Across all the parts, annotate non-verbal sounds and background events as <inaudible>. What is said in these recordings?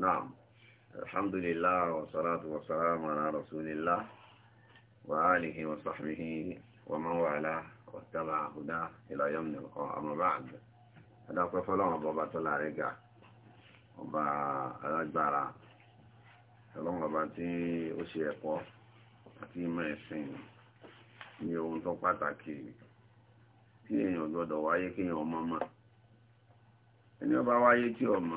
نعم الحمد لله والصلاة والسلام على رسول الله وآله وصحبه ومن والاه واتبع هداه إلى يوم نلقاه أما بعد هذا فلان بابا طلع رجع ọba alágbára ọlọ́run ọba tí ó ṣe ẹ̀kọ́ àti ìmọ̀ ẹ̀sìn ní ohun tó pàtàkì tí èèyàn gbọ́dọ̀ wáyé kéèyàn ọmọ mọ̀ ẹni ọba wáyé tí ọmọ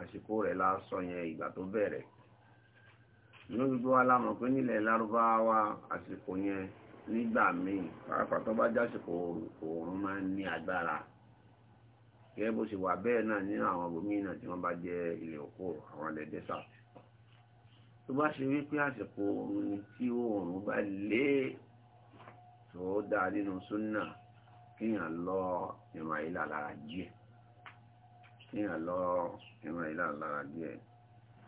àsìkò rẹ̀ la sọ yẹn ìgbà tó bẹ̀rẹ̀ inú gbogbo wa la mọ̀ pé nílẹ̀ lárúbáwá àsìkò yẹn nígbà míì pàápàá tó bá jásìkò oòrùn máa ń ní agbára gẹ́gẹ́ bó ṣe wà bẹ́ẹ̀ náà ní àwọn gómìnà tí wọ́n bá jẹ́ ilẹ̀ òkú àwọn ilẹ̀ dẹ́sà tó bá ṣe wípé àsìkò oòrùn ni tí oòrùn bá lé tó dáa nínú súnà kéèyàn lọ ìrìn díẹ̀ kí èèyàn lọ ìran ìlà lára díẹ̀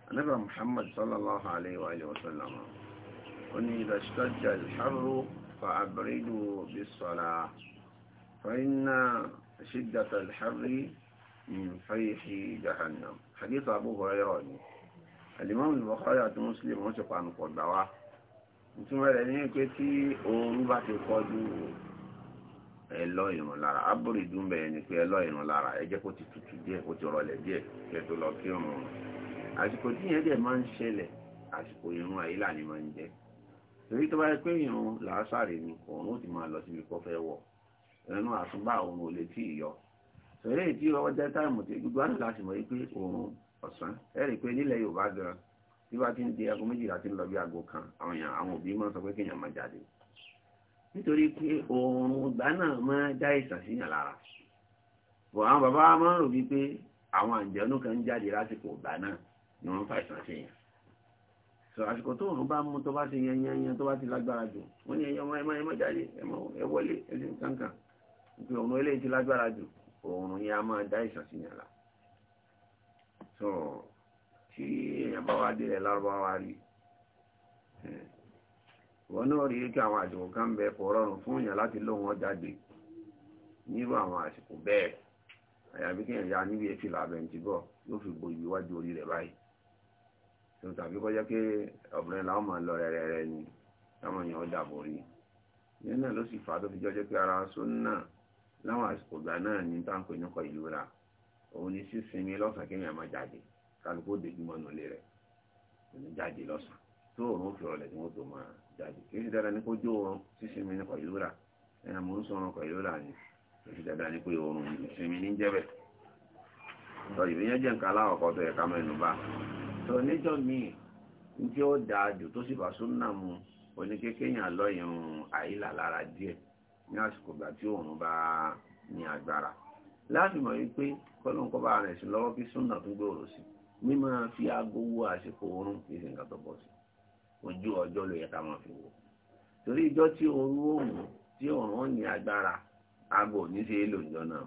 anábà muhammad sallallahu alayhi wa alihi wa sallam ó ní ìdàṣítọ́jà ìṣàrò fa àbẹ̀rẹ̀dù bí sọ́la fa iná ṣídàtà ìṣàrí min fayhi jahannam hadith abu hurairah ni alimam al-bukhari àti muslim wọ́n ti pa àmì pọ̀ gbà wá nítorí rẹ̀ ní pé tí oorun bá ti pọ̀ ju ẹlọ́ ìrùn lára abúrò ìdúnbẹ̀ ẹni pé ẹlọ́ ìrùn lára ẹ jẹ́ kó ti tutù díẹ̀ kó ti rọlẹ̀ díẹ̀ kẹ́ tó lọ kí òun rùn àsìkò tí yẹn dẹ̀ máa ń ṣẹlẹ̀ àsìkò ìrùn àyílà ni máa ń jẹ́ torí tó bá yẹ pé ìrùn làásàrè ni òun ó ti máa lọ síbi kó fẹ́ wọ̀ ẹnu àsùnbà òun ò lè tí ì yọ sọ̀rọ̀ èyí tí ọwọ́ jẹ́ táìmù tí gbogbo àná láti mọ̀ pé òun ọ̀sán ẹ rí i pé nílẹ̀ Yorùbá gan tí bá ti ń di aago méjìlá ti ń lọ bí aago kan àwọn òbí máa ń sọ pé kéèyàn máa jáde nítorí pé oòrùn ìgbà náà máa dá ìsàsíyàn lára bọ̀ àwọn bàbá máa ń rò wípé àwọn àǹjẹ̀nú kan jáde lásìkò ìgbà náà ni wọ́n fa ìsàsíyàn sọ àsìkò tó òun bá mú tó bá ti yan yan tó bá ti lágbára jù wọ́n ní ẹyọ ọmọ ẹmọ ẹmọ jáde ẹmọ ẹwọlé ẹsìn kankan pé òun eléyìí ti lágbára jù oòrùn yẹn a máa dá ìsàsíyàn lá sọ tí èèyàn bá wá dé rẹ̀ lárúbáwá rí wọn náà rí kí àwọn àsìkò kan bẹ kò rọrùn fún èèyàn láti ló wọn jáde nírú àwọn àsìkò bẹ́ẹ̀ àyàbí kí èèyàn ya níbi èfi làbẹ̀ǹtì bọ̀ yóò fi bo ìwájú orí rẹ̀ báyìí tó tàbí kọjá pé ọ̀bìnrin làwọn máa lọ rẹ̀rẹ̀rẹ̀ ni táwọn èèyàn dàbò rí ìyẹn náà ló sì fà á tó fi jọ́jọ́ pé ara sóńnà láwọn àsìkò ìgbà náà ní táǹkò ìnákọ̀ ìlú ra òun ni sísinmi lọ́sàn kéèyàn máa jáde kálukó dèjúmọ́ nulẹ̀ rẹ̀ òun jáde lọ́sàn tó òun fi rọlẹ̀ tí wọ́n tó máa jáde kì í ṣe dáadáa ní kó jó oorun sísinmi ní kọ̀yìlúra ẹ̀yà mò ń sọ ọrùn kọ̀yìlúra ni kì í ṣe dáadáa ní pé oorun ìsinmi ní jẹ́bẹ̀ sọ ìbíyẹn jẹ́ nǹkan aláwọ̀kọ́ tó yẹ ká mẹ́nu bá sọ níjọ́ míì tí ó dáa jù tó sì bá súnà mu oníkékéyàn lọ irun àyílà lára díẹ̀ ní àsìkò ìgbà tí oorun bá ní agbára láti mọ̀ wípé kọ́lọ́nkọ́ bá rẹ̀ sí lọ́wọ́ kí súnà tún gbòòrò sí mímọ́ fi aago wo àsìkò oorun kì í ṣe nǹkan tó bọ̀ sí ojú ọjọ́ ló yẹ fi wò torí ìjọ tí òru ó tí òrùn ní agbára aago ò ní ṣe é lò náà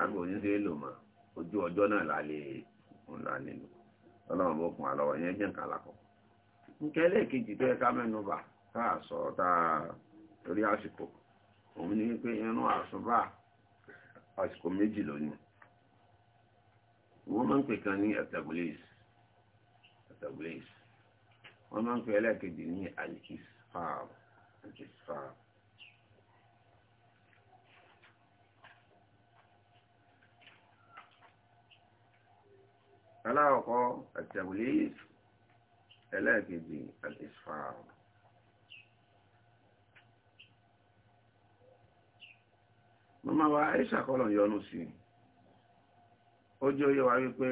aago ò ní ṣe é ojú ọjọ́ náà la lè ń la nílò ọlọ́run bó kún àlọ́wọ́ yẹn jẹ́ nǹkan tó yẹ ká mẹ́nu bà àsìkò òun ni àsùnbà àsìkò méjì lónìí wọ́n máa ń pè kan ní wọ́n máa ń pè ẹlẹ́ẹ̀kejì ní alikisfar alikisfar aláwọ̀kọ́ àtẹ̀wòlẹ́yìí ẹlẹ́ẹ̀kejì alikisfar. mọ́mọ́ wa aisha kọ́lọ̀ yọnu sí ó jẹ́ oyé wa wípé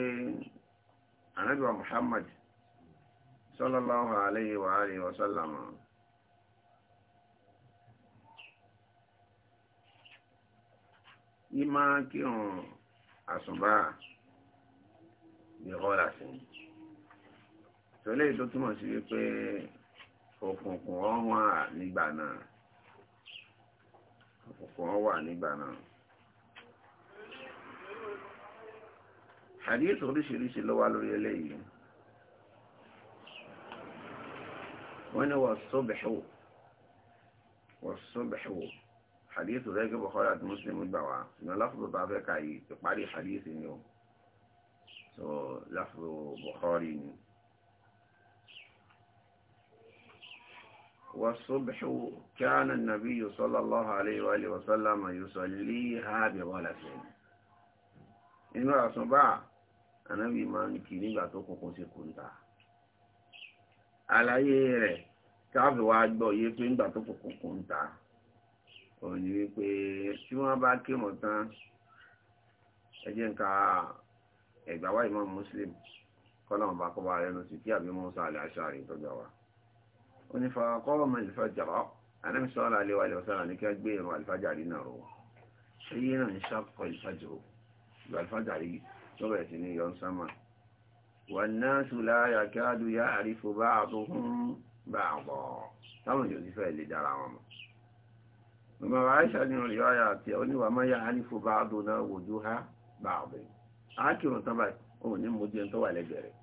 anábìwa muhammad صلى الله عليه alihi وسلم. sallam ìmá kírun àsùnbà ìrọ́lá sí tọ́lẹ̀ tó túmọ̀ sí wípé òkùnkùn ọ̀wà nígbà náà òkùnkùn ọ̀wà nígbà náà hadith oríṣiríṣi ló lórí eléyìí وهنا هو الصبح والصبح حديث ذلك بخاري عند مسلم والبوعة أنا لفظ بعضك كعي تقعلي حديث اليوم سو لفظ بخاري والصبح كان النبي صلى الله عليه وآله وسلم يصليها بغلس إنه أصبع النبي ما نكيني بعتوكم كنسي كنتها àlàyé rẹ̀ káàbì wá gbọ́ yé pé ńgbà tó kò kókó ń ta òun ni wípé tí wọ́n bá kírun tán ẹ jẹ́ ń ka ẹ̀gbà wá Imam Muslim kọ́lọ́mù bá kọ́ bá rẹ̀ lọ sí kí àbí Musa alẹ́ àṣà rẹ̀ tọ́jú wa ó ní fa kọ́lọ́ mọ́ al-fajr Ànábì sallallahu alaihi wa sallam ní kí wọ́n gbé ìrun al-fajr rí náà rọ̀ ṣé yín náà ń ṣàkọ́ al-fajr al-fajr rí tó bẹ̀rẹ̀ sí ní yọ̀ ń sámà والناس لا يكاد يعرف بعضهم بعضا táwọn èèyàn nífẹ̀ẹ́ lè dára wọn mọ̀ mọ̀mọ̀ àìṣà ní orí ọ̀yà àti oníwà máa yá àrífò bá dùn náà wòjú ha bá ọ̀bẹ̀ ákìrùn tán báyìí òun ní mo jẹun tó wà lẹ́gbẹ̀ẹ́ rẹ̀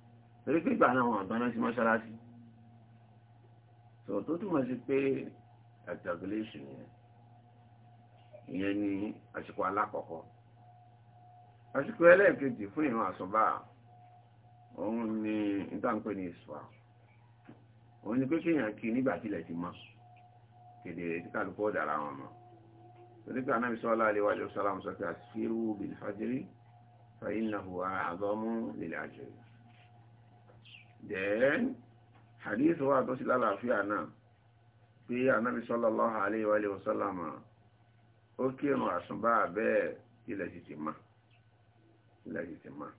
torí pé ìgbà náà wọn àgbọ́n sí mọ́ṣáláṣí tó túmọ̀ sí pé ẹ̀tọ́gílẹ́sì yẹn ìyẹn ní àsìkò alákọ̀ọ́kọ́ òun ni ìtànpẹ́ ní ìsọ̀rọ̀ òun ni pé kéèyàn kí nígbà tílẹ̀ ti mọ́ kedere tí kálukú ó dára wọn mọ́ torí pé anábì sọ́lá aléwájú sọ́lámù sọ pé àṣírú bìlì fàjírí fàyínàhù àzọ́mú lèlè àjẹ́rì then hadith wà tó sí lálàáfíà náà pé anábì sọ́lá lọ́hà aléwájú sọ́lámù ó kírun àsùnbà bẹ́ẹ̀ ilẹ̀ ti ti ti ti mọ́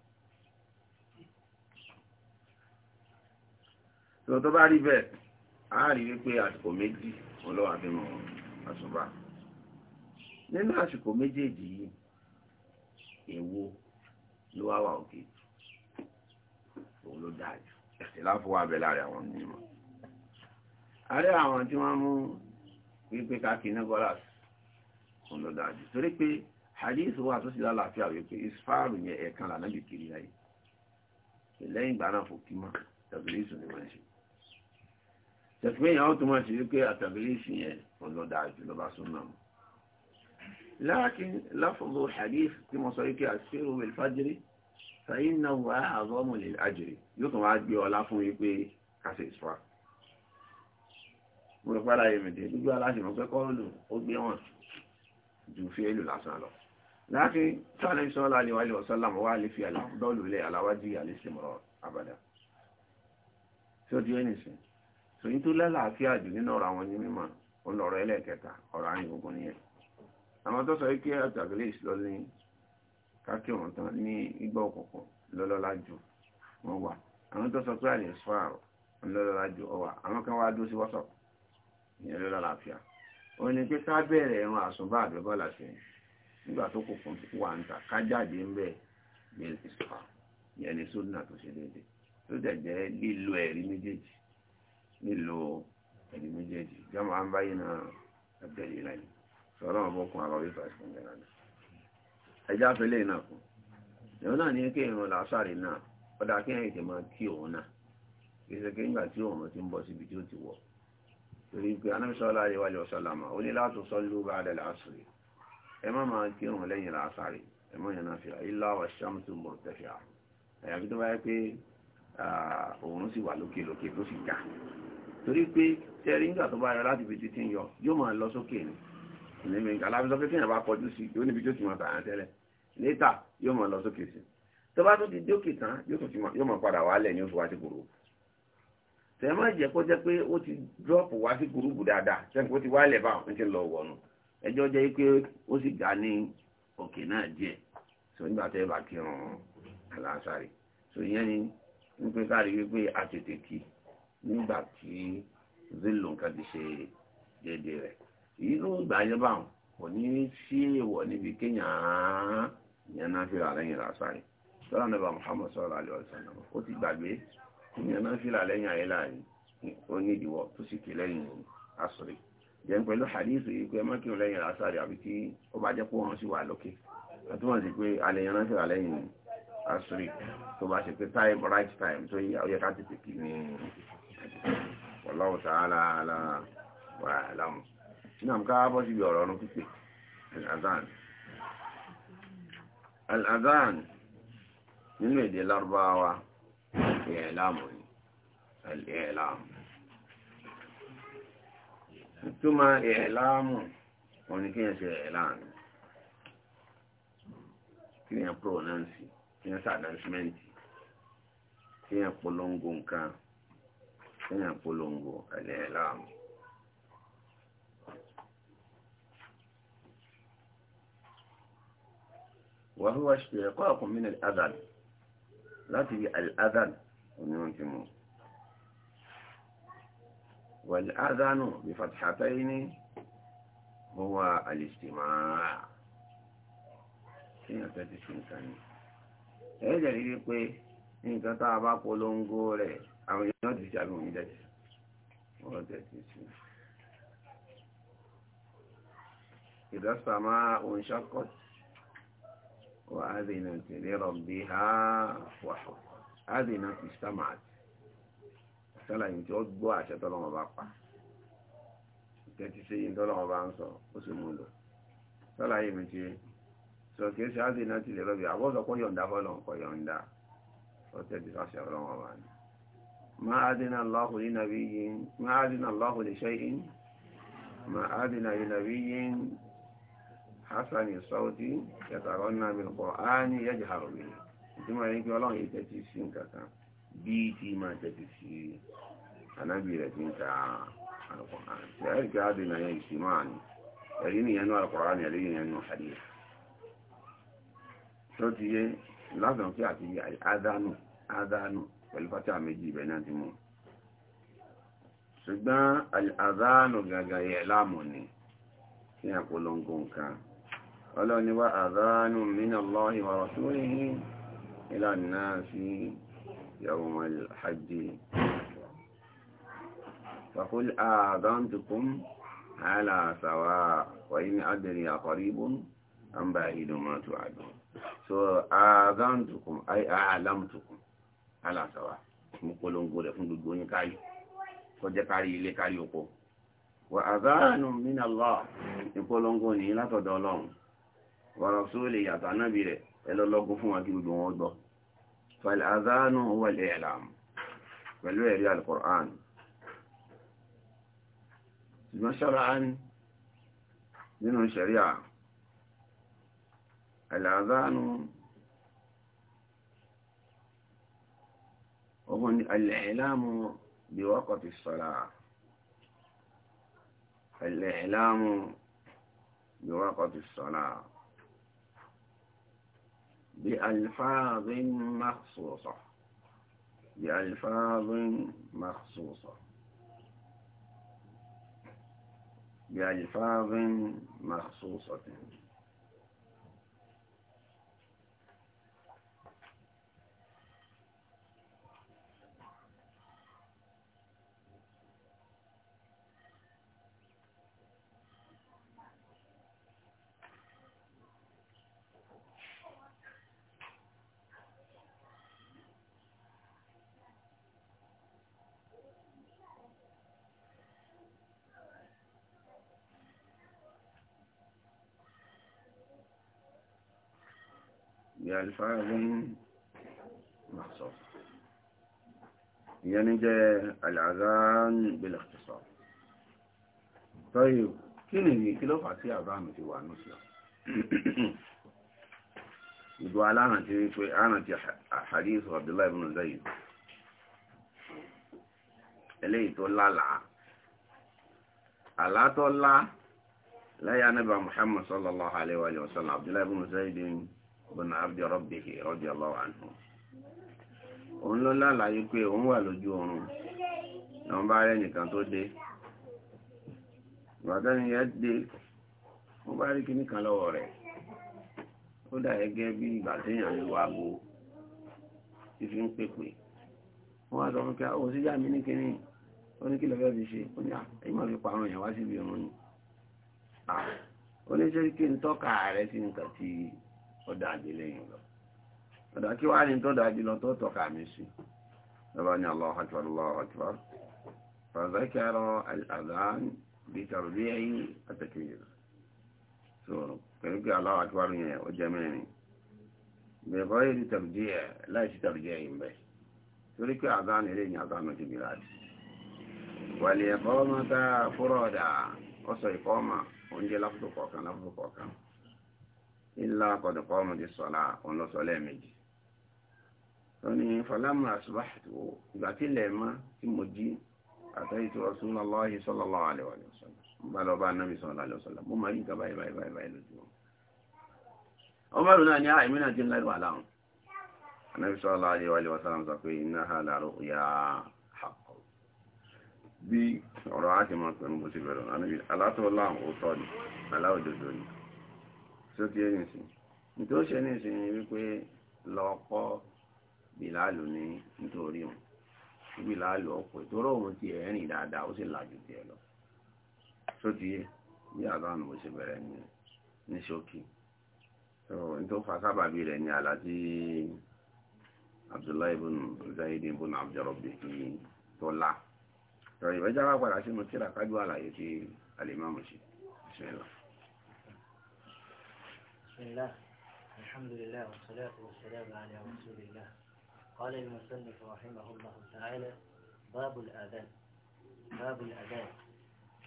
tó tó bá rí bẹ́ẹ̀ á rí wípé àsìkò méjì ọlọ́wà fi mọ̀ àsùbá nínú àsìkò méjèèjì yìí èwo ló wá wà òkè òun ló dáa jù ẹ̀sẹ̀ láfọwọ́ abẹ láàrin àwọn onímọ̀ àárẹ̀ àwọn tí wọ́n mú wípé káàkì nígbọ́lás òun ló dáa jù torí pé hadith wà tó sì lálàáfíà wípé isfaru yẹn ẹ̀ẹ̀kan lànà lè kiri láyé lẹ́yìn ìgbà náà fò kí mọ́ tàbí ìsùn ni wọ́n ṣe tẹ̀síwé yẹn ó tó máa ṣe wípé àtàbílẹ̀ ìsìn yẹn ọlọ́dà jù lọ́ba súnmọ́ mu. láàkín láfọ̀lọ́ hadith tí mo sọ wípé àṣírò ìfàjírí sàyìn náà wà àgọ́mù lè àjèrè yóò tún wá gbé ọlá fún wípé kásẹ̀ ìsúra. mo rò pàdà yẹn mìtẹ́ gbígbé aláṣẹ mọ̀ pé kọ́ọ̀lù ó gbé wọn ju fíẹ́lù lásán lọ. láàkín sálẹ̀ sọ́ọ́lá sòyí tó lálàáfíà jù nínú ọ̀rọ̀ àwọn onímọ̀ ọlọ́rọ̀ ẹlẹ́ẹ̀kẹta ọ̀rọ̀ àyìn ogun nìyẹn àwọn tó sọ pé àtàgbélé ìṣúlọ ní kákí ọ̀rọ̀ tán ní igbá òkùnkùn lọ́lọ́lá jù wọ́n wà àwọn tó sọ pé àlè sọ àrọ̀ lọ́lọ́lá jù ọwà àwọn kan wá dó sí wọ́sọ̀ ìyẹn lọ́lọ́láfíà ó ní pé ká bẹ̀rẹ̀ ẹ̀rùn àsùnbá àbẹ́bọ́là sí nígbà tó kùnkùn wà ń ta ká jáde ń bẹ̀ ìyẹn ní sódùnà tó ṣe déédéé tó dẹ̀ jẹ́ lílo ẹ̀rí méjèèjì nílò ẹ̀dì méjèèjì jọmọ à ń báyìí náà ẹgbẹ́ yìí láyé sọ̀rọ̀ ọ̀bọ̀ kun àbáwí fàṣẹ ìjọba ẹjá fẹlẹ̀ náà kù ìwọ náà ní kí ìrun làásàrè náà ó dáa kí ẹ̀yìn tẹ̀ máa kí òun náà kì í ṣe kí nígbà tí òun ti ń bọ́ síbi tí ó ti wọ̀ torí pé anábìsọ́lá àríwá lè ọ̀sọ́lámà ó ní láti sọ lóba adẹ làásùrè ẹ má máa kí òun lẹ́yìn làásàrè ẹ má yẹn náà fi àyíláwà ṣàmùtù mọ̀tẹ́fì àyàfi tó bá pé Ah, òun sì wà lókè lókè tó sì ga torí pé tẹ́rí nígbà tó bá yọ láti fi títí yọ yóò máa lọ sókè ni ìlẹ́mẹ̀ alábísọ pé tíyàn bá kọjú sí yóò níbi tó ti mọ̀ tàyàn tẹ́lẹ̀ létà yóò máa lọ sókè sí tó bá tó ti dókè tán yóò máa padà wálẹ̀ ní oṣù wá sí kúrò tẹ̀mọ́ ìjẹ́ kó jẹ́ pé ó ti dọ́ọ̀pù wá sí gúrúùbù dáadáa sẹ́ni kó ti wálẹ̀ bá òun ti lọ wọ̀nù ẹjọ́ jẹ́ pé ó sì ga ní òkè náà díẹ̀ sọ nígbà tẹ́ bá kírun aláṣárì sọ ìyẹn ni wípé káàrí wípé àtètè kí nígbà tí zillo nǹkan ti ṣe déédéé rẹ̀ èyí ló gbà yẹ báwọn kò ní sí èèwọ̀ níbi kéèyàn yẹn náà fi rà lẹ́yìn làásàrì sọ́lá nàbà Muhammad sallallahu alaihi wasallam ó ti gbàgbé yẹn náà fi rà lẹ́yìn àyè láàyè ó ní ìdíwọ́ tó sì kí lẹ́yìn asọ̀rì jẹun pẹ̀lú hadithu yìí pé mọ́kìrún lẹ́yìn làásàrì àbí tí ó bá jẹ́ pé wọ́n sì wà lókè àtúwọ̀n sí pé alẹ́ yẹn náà fi rà lẹ́yìn àṣírí tó bá ṣe pé time right time tó yí àwọn yẹka tètè kí ní wallahu ta'ala wà láàmù náà ká bọ́ síbi ọ̀rọ̀ ọ̀run pípé al-adhan al-adhan nínú èdè lárúbáwá ìyẹ̀láàmù ni al-i'lam ìtumọ̀ ìyẹ̀láàmù òní kí ẹ̀ ṣe ìyẹ̀láàmù kí ẹ̀ pronounce kéèyàn sàdárísímẹ́ǹtì kéèyàn polongo nǹkan kéèyàn polongo ẹ̀lẹ́ẹ̀láàmù. wàhùn wá ṣe ẹ̀kọ́ àkùnmí ní adàn láti bí al'adàn òní wọn ti mú والأذان بفتحتين هو الاستماع كيف تتسمى ثانيه ẹ̀yẹ́ jẹ́ rí pé nǹkan tá a bá polongo rẹ̀ àwọn èèyàn ti ṣàbí òun jẹ́ wọ́n tẹ̀ sí sí ìdọ́sà máa òun ṣọ́kọ̀ wà á dènà tẹ̀lé rọ̀bì ha wà á dènà ti stamart sálàyé tí ó gbọ́ àṣẹ tọ́lọ́wọ́ bá pa sí yìí bá ń sọ ó sì mú sọ kìí ṣe áàdì náà ti lè rọ́bì àbọ́sọ̀ kó yọ̀ǹda fọ́lọ̀ kó yọ̀ǹda ọ̀tẹ̀ ti sàṣẹ ọlọ́wọ́ wa ni ma adina Allahu li nabiyyin ma adina Allahu li shay'in ma adina li nabiyyin hasani sawti yataranna bil qur'ani yajharu ọlọ́run yìí tẹ́tí sí nǹkan kan bíi tí máa tẹ́tí sí anábì rẹ̀ ti ń ta àti ẹ̀rí tó ti yé lásán kí àti adánù adánù pẹ̀lú fátà méjì ibẹ̀ náà ti mú ṣùgbọ́n adánù gàgà yẹ láàmù ni kí a polongo nǹkan ọlọ́ni wá adánù min Allahi wa rasulihi ila nnasi yawm al-hajj فقل آذنتكم على سواء وإن أدري قريب أم بعيد ما توعدون so azantukum ay a'lamtukum ala sawa mo polongo rẹ̀ fún gbogbo yín kárí kó jẹ́ kárí ilé oko wa azanu min allah ìpolongo ni látọ̀dọ̀ Ọlọ́hun wa rasuli ya tanabi rẹ̀ ẹ azanu huwa al الأذان وهو الإعلام بوقت الصلاة الإعلام بوقت الصلاة بألفاظ مخصوصة بألفاظ مخصوصة بألفاظ مخصوصة بألفاظ مخصوصة يعني جاء الأذان بالاختصار طيب كنني كلو فاتي أذان في وانوسيا يدو على أنا في أنا حديث عبد الله بن زيد لا. tó lálàá لا. tó lá lẹ́yìn anábà الله عليه alayhi وسلم عبد الله بن Zayd bùnà abdi rabbihi radiyallahu anhu òun ló lálàyé pé òun wà lójú oorun lọ́n bá rẹ̀ nìkan tó dé ìgbàdánì yẹn dé ó bá rí kíní kan lọ́wọ́ rẹ̀ ó dà gẹ́gẹ́ bí ìgbà téèyàn ló wá bo fífi ń pèpè wọ́n wá sọ fún kí ó mi ní kíní ó ní kí lọ́fẹ́ fi ṣe ó ní àìmọ̀ fi pa àwọn èèyàn wá síbi òun ní ṣe kí n tọ́ka rẹ̀ sí nǹkan tí ó dájú lẹ́yìn lọ ọ̀dà kí wàá ní tó dájú lọ tó tọ́ka mi sí lọ́ba ní Allahu akbar Allahu akbar fàzákẹ́rọ àdán bí tàbí ẹ̀yìn àtẹ̀kẹ́yìn sọ̀rọ̀ pẹ̀lú pé Allahu akbar yẹn ó jẹ́ mẹ́rin bẹ̀rọ èrè tàbí ẹ̀ láìsí tàbí ẹ̀yìn ọ̀sọ̀ ìkọ́ mà oúnjẹ láfùtò kọ̀ọ̀kan láfùtò kọ̀ọ̀kan ilá kọ̀dùkọ́ ọmọdé sọ̀lá òun lọ sọ lẹ́ẹ̀mejì tó ní fọlámù àṣùbáṣù ìgbà tí ilẹ̀ mọ́ tí mo jí àtẹ́yìtò Rasulullahi sallallahu alaihi wa sallam bá lọ bá anábì sallallahu alaihi wa mo máa rí nǹkan báyìí báyìí báyìí báyìí lójú wọn. náà ní ah, náà ti ń anábì sọ pé ha ya bí ọ̀rọ̀ á ti máa pẹ̀lú bó ti bẹ̀rẹ̀ aláàtọ̀ láwọn òótọ́ ni tó ti ẹ̀yìn sí nítorí ṣe ní ìsinyìí wípé lọ kọ́ bìláàlù ní nítorí òun tí bìláàlù ọ̀pọ̀ ìtòrò òun ti ẹ̀rìn dáadáa ó sì làjù tiẹ̀ lọ tó ti yé bí àbámu bó ṣe bẹ̀rẹ̀ ní ní ṣókí tó fa sábàbí rẹ̀ ní àlá tí Abdullahi ibn Zaid ibn Abdurrabbi tọ́lá ìwẹ́jára padà sínú tíra kájú àlàyé tí alẹ́ máa mọ̀ sí بسم الله الحمد لله والصلاة والسلام على رسول الله قال المصنف رحمه الله تعالى باب الأذان باب الأذان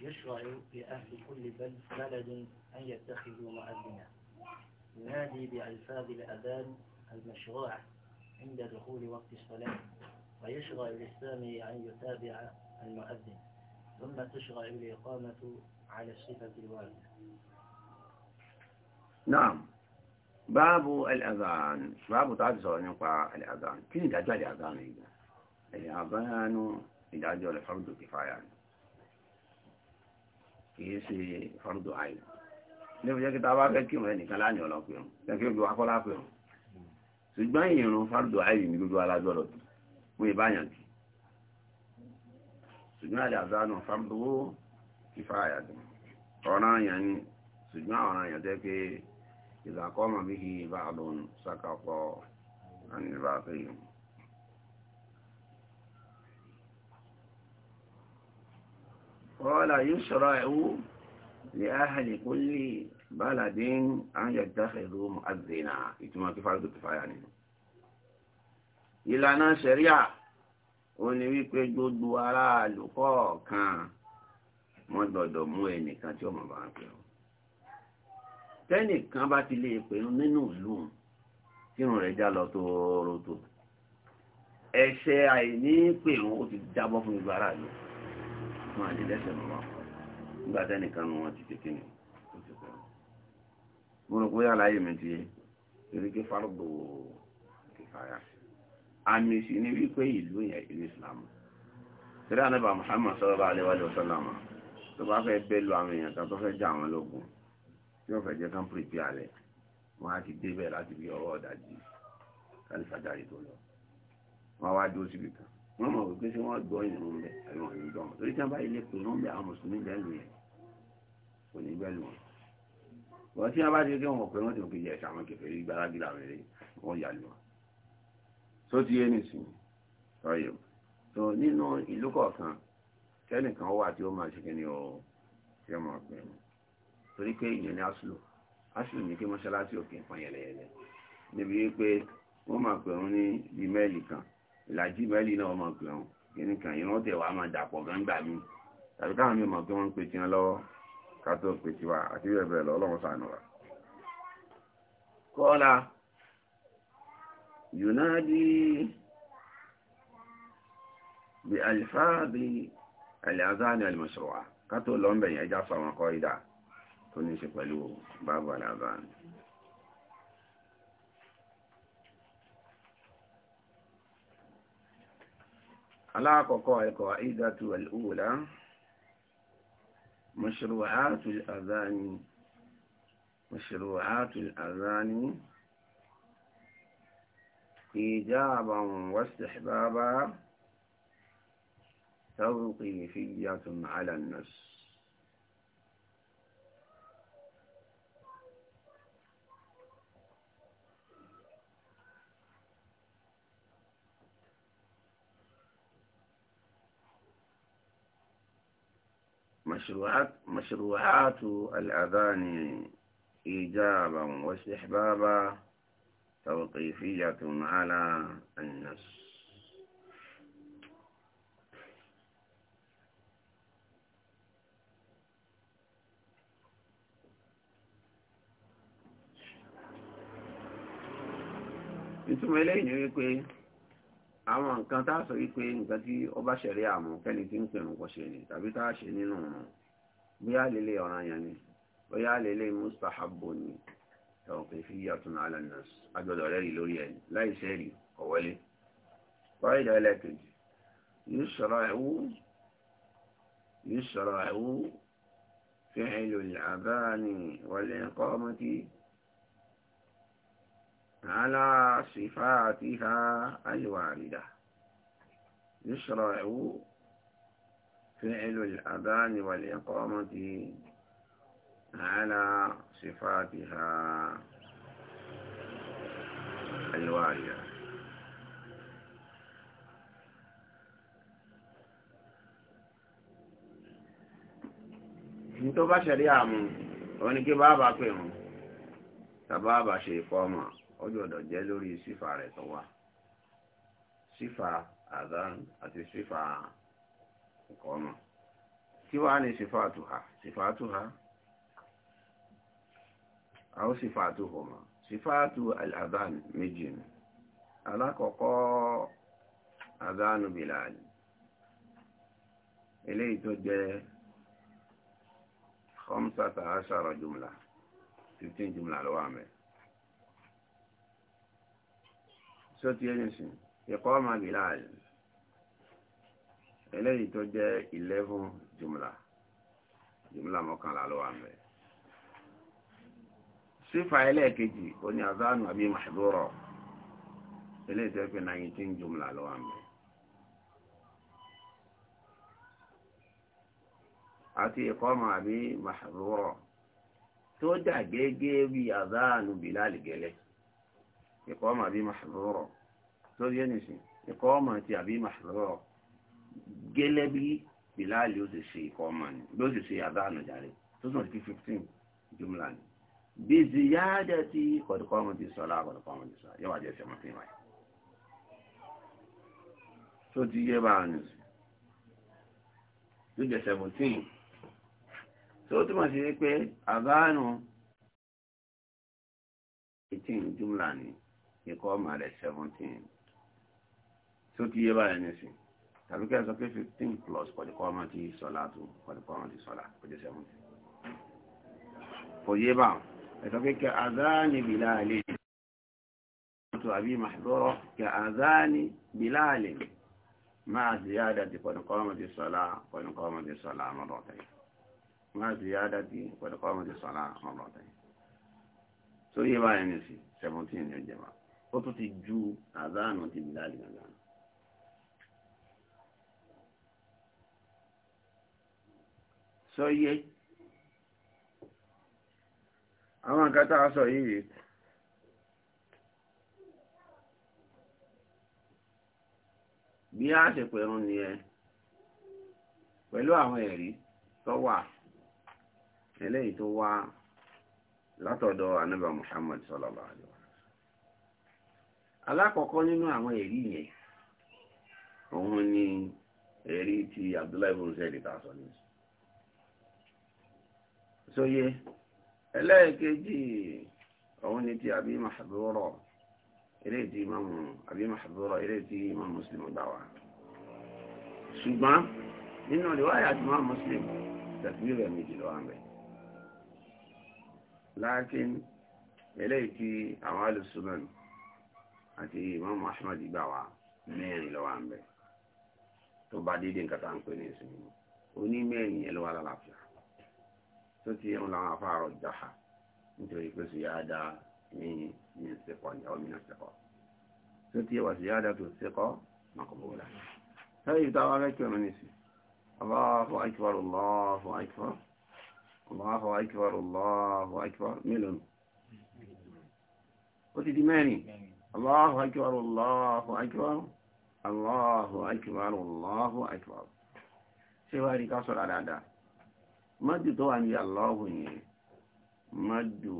يشرع لأهل كل بلد أن يتخذوا مؤذنا ينادي بألفاظ الأذان المشروع عند دخول وقت الصلاة ويشرع للسامع أن يتابع المؤذن ثم تشرع الإقامة على الصفة الواردة نعم باب الأذان باب تعرض نقع الأذان كل دجال الأذان إذا الأذان إذا الفرض كفاية كيسي فرض عين níbi jẹ́ kíta bá fẹ́ kírun ẹnìkan láàrin ọ̀la pẹ̀rún lẹ́kí ojú akọ́lá pẹ̀rún ṣùgbọ́n ìrún fárúdù ayé ní gbogbo alájọ́rọ̀ tó wọ́n ibá yàn jù ṣùgbọ́n àdàzánù fárúdù kí fáyà ní ṣùgbọ́n إذا قام به بعض سقط عن الباقي قال يشرع لأهل كل بلد أن يتخذوا مؤذنا إتما كفاية كفاية يعني ìlànà ṣẹ̀ríà ó ní wípé gbogbo aráàlú kọ̀ọ̀kan wọ́n gbọ́dọ̀ mú ẹnìkan tí ó mọ̀ bá ń pè ọ́ tẹ́nìkan bá ti lè pẹ̀lú nínú ìlú tírun rẹ̀ já lọ tóórótó ẹ̀ṣẹ̀ àìní pẹ̀lú ó ti jábọ́ fún gbogbo ara ìlú máa lè lẹ́sẹ̀ lọ́wọ́ nígbà tẹ́nìkan nu wọn ti tètè ní ó ti pẹ̀lú. mo rò pé àlàyé mi ti eré ké fárúgbò kìfàyà àmì sì ni wípé ìlú yẹn ìlú ìsìlámù sẹ́dá anábà Muhammad sallallahu alaihi wa sallam tó bá fẹ́ bẹ́ẹ̀ lu àwọn èèyàn kan tó fẹ́ já àwọn lógun tí wọ́n fẹ́ jẹ́ kán pèpè alẹ́ wọ́n á ti débẹ̀ láti bí ọwọ́ ọ̀dájì kálífàjárì tó lọ wọ́n wá dúró síbi kan wọ́n mọ̀ wípé ṣé wọ́n gbọ́ ìrún bẹ̀ àwọn ìlú dọ́mọ̀ torí sábà ilé pé wọ́n bẹ àwọn mùsùlùmí lẹ́nu yẹn kò ní bẹ́ẹ̀ lù wọ́n wọ́n tí wọ́n bá ṣe kí wọ́n pè wọ́n ti fi yẹ ẹ̀ṣà àwọn kẹfẹ́ gbáradì làwọn eré wọ́n yà lù tó ti yé nìsín ọ̀yọ̀ tó nínú ìlú kọ̀ọ̀kan kẹ́nìkan wà tí ó máa ṣe kí ni ó ṣe máa pè wọ́n torí pé ìyẹn ni asùlù asùlù ní kí mọ́ṣáláṣí òkè nǹkan yẹlẹyẹlẹ níbi wípé wọ́n máa pè wọ́n ní bíi mẹ́ẹ̀lì kan ìlàjì mẹ́ẹ̀lì náà wọ́n máa pè wọ́n kíní kan ìran tẹ̀ wá máa dàpọ̀ gángba mi tàbí káwọn mi mọ̀ pé wọ́n ń pe tiwọn lọ́wọ́ ká tó pe tiwa àti bẹ́ẹ̀ bẹ́ẹ̀ lọ ọlọ́run ṣàánú wa. kọ́lá yunadi bi alifáàbì alẹ́ azá ni ká tó lọ́nbẹ̀yìn ẹja sọ̀rọ̀ kọ́ ìdá. tó ní ṣe pẹ̀lú báàbù àlàbàn alákọ̀ọ́kọ́ مشروعات الأذان مشروعات الأذان إيجابا واستحبابا توقيفية على النص مشروعات مشروعات الأذان إيجابا واستحبابا توقيفية على النص ìtumọ̀ eléyìí ni wípé àwọn nǹkan tá a sọ wípé nǹkan tí ó bá ṣẹ̀rí àmọ́ kẹ́ni tí ń pèrún kọ́ ṣe ni tàbí tá a ṣe nínú ọ̀run bóyá lélẹ̀ ọ̀ranyàn ni bóyá lélẹ̀ mustahabbo ni ẹ̀wọ̀n pé fi yàtún ala nas agbọ́dọ̀ rẹ́rì lórí ẹni láì sẹ́rì ọ̀wọ́lé kọ́ìdà ẹlẹ́kejì yusra'u yusra'u fi'lu al-adhani wal-iqamati على صفاتها الواردة يشرع فعل الأذان والإقامة على صفاتها الواردة ní tó bá ṣẹ̀rí àmú òní bá bá pè mú tàbá bá ṣe ìfọ́ ó gbọ́dọ̀ jẹ́ lórí sífà rẹ̀ tó wà sífà àdán àti sífà ìkọ́mọ kí wàá ní sífà àtùhà sífà àtùhà àwọn sífà àtùhùmọ̀ sífà àtù àdán méjì ni alákọ̀ọ́kọ́ àdánù bìláàlì eléyìí tó jẹ́ khamsata ashara jùmlà 15 jùmlà ló wà tó ti ẹni sìn ẹ̀kọ́ ọmọ bilal eléyìí tó jẹ́ eleven jùmùlà jùmùlà mọ́kànlá ló wà mẹ́. sífà ẹlẹ́ẹ̀kejì ó ní azánù àbí mahdúrọ̀ eléyìí tó pé nineteen jùmùlà ló wà mẹ́. àti ẹ̀kọ́ ọmọ àbí mahdúrọ̀ tó dà gẹ́gẹ́ bí azánù bilal gẹ́lẹ́ ìkọ́mà àbí màṣàlọ́rọ̀ lórí ẹnìsìn ìkọ́mà àti àbí màṣàlọ́rọ̀ gẹ́lẹ́ bí bíláàlì ó sì ṣe ìkọ́mà ni bí ó sì ṣe àdáànù jàre tó sùn sí fifteen jùmùlà ni bí ziyáàdà tí kọ̀dùkọ́mù ti sọ láà kọ̀dùkọ́mù ti sọ yóò wá jẹ́ fẹ́mọ́ fún ìwáyé tó ti yé bá a nìsín ló jẹ́ seventeen tó túmọ̀ sí pé àdáànù eighteen jùmùlà ni ikọ́ ọmọ rẹ̀ seventeen tí ó ti yé báyìí nísìn tàbí kẹ́ ẹ sọ pé fifteen plus kọ̀díkọ́ ọmọ ti sọ̀lá tó kọ̀díkọ́ ọmọ ti sọ̀lá kò jẹ́ seventeen kò yé báwọn ẹ sọ pé kẹ azáni bìláàlì tó àbí màdúrọ̀ kẹ azáni bìláàlì máa ziyada ti kọ̀díkọ́ ọmọ ti sọ̀lá kọ̀díkọ́ ọmọ ti sọ̀lá mọ́lọ́tẹ̀yìn máa ziyada ti kọ̀díkọ́ ọmọ ti sọ̀lá mọ́lọ́tẹ̀yìn tó yé báyìí nísìn seventeen ni ó jẹ́ báwọn ó tún ti ju àdánù ti bìláàlì gangan. sọ yé àwọn nǹkan tá a sọ yìí rèé. bí a ṣe pẹ̀rún ni ẹ pẹ̀lú àwọn ẹ̀rí tó wà eléyìí tó wá látọ̀dọ̀ anábà Muhammad sallallahu alaihi alákọ̀ọ́kọ́ nínú àwọn ẹ̀rí yẹn òun ni ẹ̀rí ti Abdullahi burúkẹ́lì tá a sọ ní sóyé ẹlẹ́ẹ̀kejì òun ni ti àbí mahdúrọ̀ eré tí imamu àbí mahdúrọ̀ eré tí imamu Muslim gbà wá ṣùgbọ́n nínú ìwáyà tí imamu Muslim tẹ̀sí rẹ̀ méjì lọ́wọ́ àmì láàkín eléyìí tí àwọn alùsùnmọ́nù àti imam ahmed gbà wá mẹ́rin lọ́wọ́ à ń bẹ̀ tó bá dédé nǹkan tá à ń pè ní ìsinmi oní mẹ́rin yẹn lọ́wọ́ lálàáfíà tó ti yẹn làwọn afárọ̀ jáha nítorí pé sùn yáa dá mí ní ìsìnkọ́ ìyàwó mi náà sẹ́kọ́ tó ti yẹ wà sùn yáa dá tó sẹ́kọ́ màkàbọ̀wọ́lá sẹ́yìn tó àwọn akẹ́kọ̀ọ́ mi nìsí Allahu akbar Allahu akbar Allahu akbar Allahu akbar mélòó ó ti di mẹ́rin. Allahu akbar, Allahu akbar, Allahu akbar, Allahu akbar. Ṣé wá rí ká sọ̀rọ̀ dáadáa? Mọ́jú tó wà ní Allahu yẹn, mọ́jú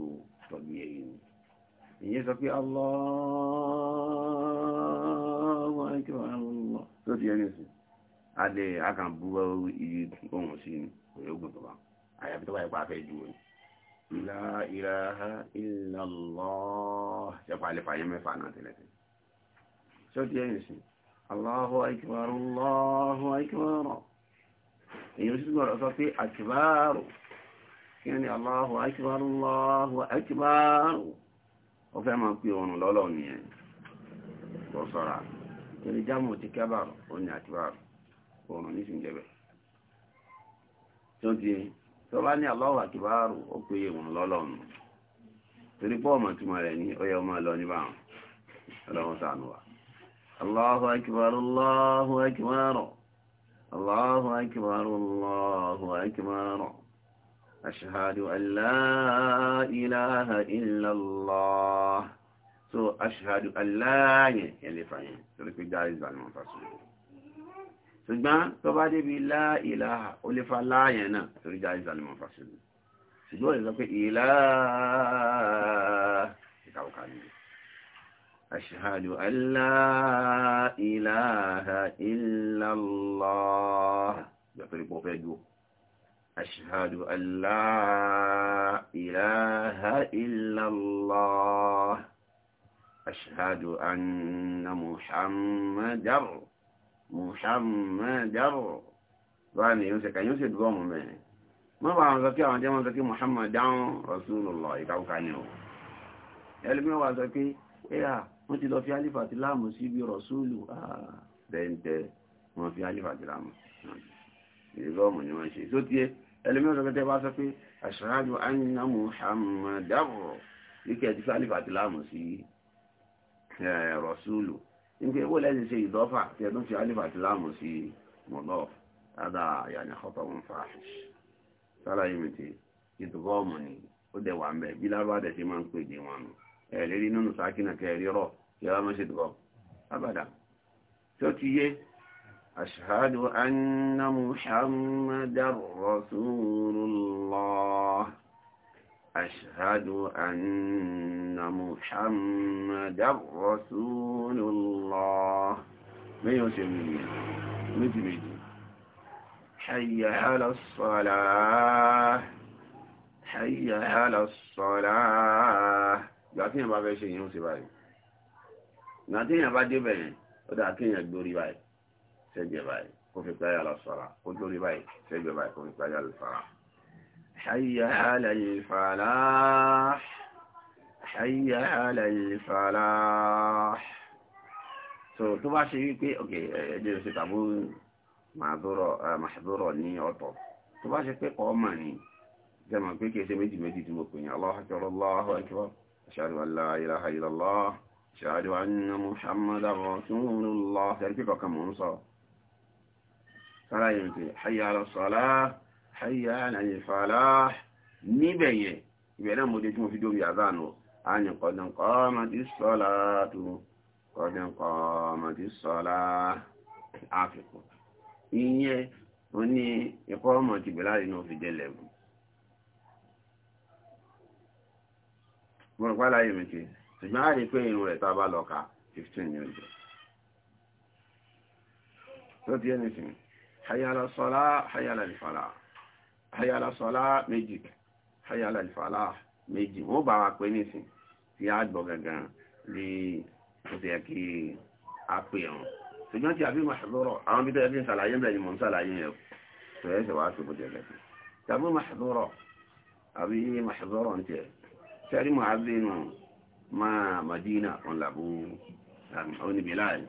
tọ̀bí ẹ̀yìn. Ìyẹn sọ pé Allahu akbar, Allahu. Tó ti yẹ ní sí. Adé, a kàn bú ohun sí ní ogun tó bá. Àyàfi tó bá yẹ pa jù wọ́n. La ilaha illallah. Siapa alif ayam mẹ́fà náà tẹ́lẹ̀ tẹ́lẹ̀. Ṣé ti ẹ̀yìn sí? Allahu akbar, Allahu akbar. Èyàn sí gbọ́rọ̀ akbar. ni Allahu akbar, Allahu akbar. Ó ma máa pè ọ̀run lọ́lọ́ nìyẹn. Kò O Torí jámù ti kẹ́bàrù, ó ní akbar. Ọ̀run ní tó bá ní Allahu Akbar ó pé ìwọ̀n lọ́lọ́run torí pọ́ ọmọ túmọ̀ rẹ̀ ní ọyọ ọmọ lọ ní báwọn ọlọ́run sànù wa Allahu Akbar Allahu Akbar Allahu Akbar Allahu Akbar ashhadu an la ilaha illa Allah so ashhadu an la yẹn torí pé dáa ìgbà ni ṣùgbọ́n tó bá débi láìláà ó lè fa láàyàn náà torí jáde ìsàlùmọ̀ fásitì ṣùgbọ́n ó lè sọ pé ìlàá ìkàwọ̀kà nílé أشهد أن لا إله إلا الله يطرق فيدو أشهد أن لا إله إلا الله أشهد أن محمد muhammadu báyìí ni yóò ṣe kàn yóò ṣe dúró mọ́ mẹ́rin mọ́ bá wọn sọ pé àwọn jẹ́wọ́n sọ pé muhammadu rasulullah ìkàwùkà ni o ẹlẹ́gbẹ́ wa sọ pé ẹ̀yà wọ́n ti lọ fi alifa ti láàmù sí ibi rasulu bẹ́ẹ̀ntẹ́ wọ́n fi alifa ti láàmù ìrọ́mù ni wọ́n ṣe tó tiẹ́ ẹlẹ́gbẹ́ wa sọ pé tẹ́ sọ pé ashhadu anna muhammadu wíkẹ́ ti fi alifa ti láàmù sí rasulu nígbà èwo lẹ́sìn ṣe ìdọ́fà tí ẹdún fi alif àti láàmù sí mọ̀lọ́f ada yàní ọ̀tọ̀ wọn fàáṣì sára yìí mi ti ìdúgọ́ọ̀mù ni ó dẹ̀ wà mẹ́ bí lárúbá dẹ̀ ṣe máa ń pè dé wọn nù ẹ̀rí rí nínú sákìnà kẹrí rọ̀ kí wọ́n máa ṣe dùgọ́ abàdà tí ó ti yé ashhadu anna muhammadar أشهد أن محمدا رسول الله من يسمي مجمد حي على الصلاة حي على الصلاة gbàtí yẹn bá fẹ́ ṣe ìyẹn ó sì báyìí gbàtí yẹn bá dé bẹ̀rẹ̀ ó dáa kí yẹn gbórí báyìí sẹ́gbẹ̀ẹ́ báyìí kó fi pẹ́yà حي على الفلاح حي على الفلاح so tó bá ṣe wípé ok ẹjẹ́ ìṣẹ́ tàbí màdúrọ̀ ní ọ̀tọ̀ tó bá ṣe pé kọ́ ọmọ ní jẹmọ̀ pé kí ẹṣẹ́ méjì méjì tí mo pè ní Allahu Akbar Allahu Akbar ashhadu an la ilaha illallah ashhadu anna Muhammadan rasulullah ṣe rí pé kọ̀ọ̀kan mò ń sọ sára hayya ala salah hayya àlàyé fàlá níbẹ̀ yẹn ìbẹ̀ náà mo dé tí mo fi dóbi àzánù àyìn kọ̀dùn kọ́mọ̀tì sọ́lá tó kọ̀dùn kọ́mọ̀tì sọ́lá àfikún ìyẹn ó ní ikọ́ ọmọ ti gbẹ̀lá inú fi dé lẹ́gùn mo rò mi ti ṣùgbọ́n á rí pé irun rẹ̀ tá a bá lọ ka fifteen ní ọjọ́ ló ti ẹni sìn hayala sọ́lá hayala ìfàlà hayala sọlá méjì hayala ìfàlà méjì wọ́n bá wa pé nísìn tí a gbọ́ gangan rí oṣù yẹ kí a pè wọn ṣùgbọ́n tí a fi máa ṣàlọ́rọ̀ àwọn bí tẹ́lẹ̀ fi ń ṣàlàyé bẹ́ẹ̀ ni mò ń ṣàlàyé yẹn tó yẹ ṣe wàá ṣe bó jẹ lẹ́sìn tàbí máa ṣàlọ́rọ̀ àbí máa ń tẹ̀ sẹ́rí mọ̀ àbínú máa Madina òun làbú òun Bilal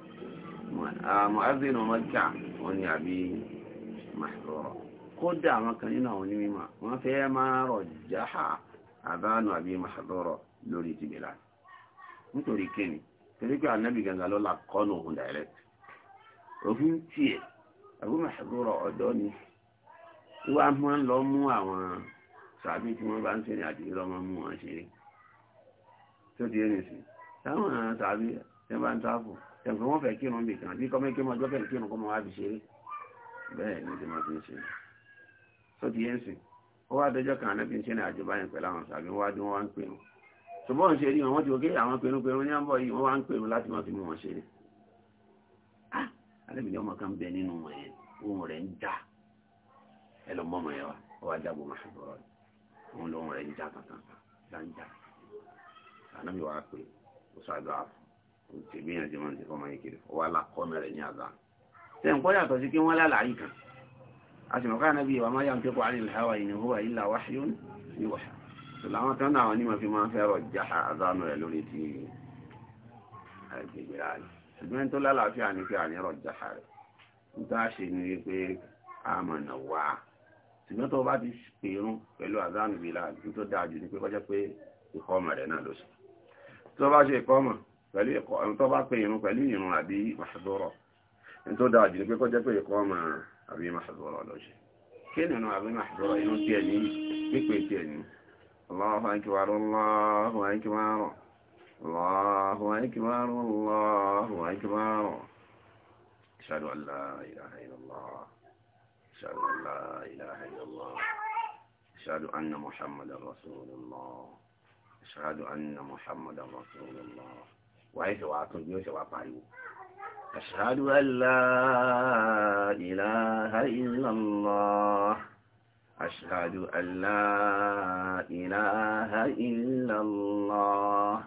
mọ̀ àbínú Mẹ́kà òun ni àbí máa kódà àwọn kan nínú àwọn onímọ̀ wọ́n fẹ́ máa rọ̀ jáhà àdánù àbí màṣàdọ́rọ̀ lórí ti Bilal nítorí kíni torí pé ànábì gangan lọ́la kọ́nù òhun direct òfin tiẹ̀ àbí màṣàdọ́rọ̀ ọ̀dọ́ ni ìwà máa ń lọ mú àwọn sàbí tí wọ́n bá ń sẹ́ni àti ìlọ́mọ mú wọn ṣeré tó di ẹni sí táwọn sàbí ẹ bá ń táàbù ẹ̀fọ́ wọn fẹ́ kírun bìkan bí kọ́mẹ́kí mọ́ ọjọ́ fẹ́ kírun kọ́mọ wá fi ṣeré bẹ́ẹ̀ ni ti máa fi ń ṣeré tó ti yẹn sìn ó wá dọjọ́ kan anábì ń ṣe ní àjò báyìí pẹ̀lú àwọn sàbí wọ́n wá dún wọ́n wá ń pè wọn ṣùgbọ́n ń ṣe rí wọn ti wọ́n kí àwọn pinnu pinnu ní àbọ̀ yìí wọ́n wá ń pè wọn láti wọ́n fi mú wọn ṣe anábì ah! ní ọmọ kan bẹ nínú wọn yẹn ohun rẹ̀ ń já ẹ lọ mọ́ ọmọ yẹn wa ó wá jágbó máa bọ̀ ọ́ òun lóhun rẹ̀ ń já kankan já ń já anábì wàá pè ó ṣáájú àfọ òun ti gbìyànjú mọ́ ní ọmọ yẹn kiri ó wá lákọ́ mẹ́rẹ̀ ní àgbà tẹ̀ ń kọ́ yàtọ̀ sí kí wọ́n lálàá yìí kan àtìmọ̀ká náà bí ìwà máa yàn pẹ́kọ̀ àrìn ìlhàwà ìníhúwà ìlà wáṣíún níwàṣá tó láwọn kan náà wọn ní ma fi máa fẹ́rọ̀ já àzánú rẹ̀ lórí ti àgbègbèrà rẹ̀ ṣùgbọ́n tó lálàáfíà ní pé àní rọ̀jà rẹ̀ ń tá a ṣe ní pé a mọ̀ nà wá ṣùgbọ́n tó bá ti pèrún pẹ̀lú àzánú bìlà tó dáa jù ní pé kọjá pé ìkọ́mọ̀ rẹ̀ náà ló ṣe tó bá ṣe ìkọ́mọ̀ pẹ̀lú ìkọ́ àbí mahadura lọ́ṣẹ́ kí nínú àbí mahadura inú tiẹ̀ ní pípé tiẹ̀ ní Allahu akbar Allahu akbar Allahu akbar Allahu akbar ashhadu an la ilaha illallah ashhadu an la ilaha illallah ashhadu anna muhammadan rasulullah ashhadu anna muhammadan rasulullah wàá ṣe أشهد أن لا إله إلا الله أشهد أن لا إله إلا الله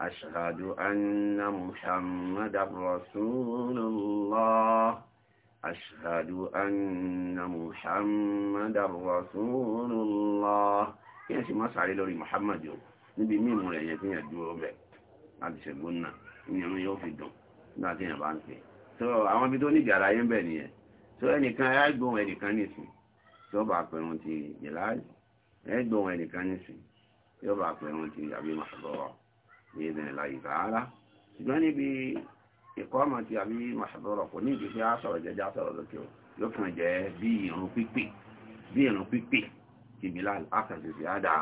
أشهد أن محمد رسول الله أشهد أن محمد رسول الله كيف شيء ما صار لي محمد يوم نبي مين ولا يبين الدوام بعد شغلنا يوم يوفي دوم nígbà tí èèyàn bá ń pè so àwọn ibi tó nídìí àlàyé ń bẹ nìyẹn so ẹnìkan ẹ gbóhùn ẹnìkan nìsín tí ó bá pẹ̀rùn ti jìláàjì ẹ gbóhùn ẹnìkan nìsín tí ó bá pẹ̀rùn ti àbí màṣàbọ̀rọ̀ ní ìdìní láyé tààrà ṣùgbọ́n níbi ìkọ́ ọmọ ti àbí màṣàbọ̀rọ̀ kò ní ìdí pé á sọ̀rọ̀ jẹ́jẹ́ á sọ̀rọ̀ lókè o yóò kàn jẹ́ bí ìrun pípé bí ìrun pípé ti Bilal ákàtì sí àdá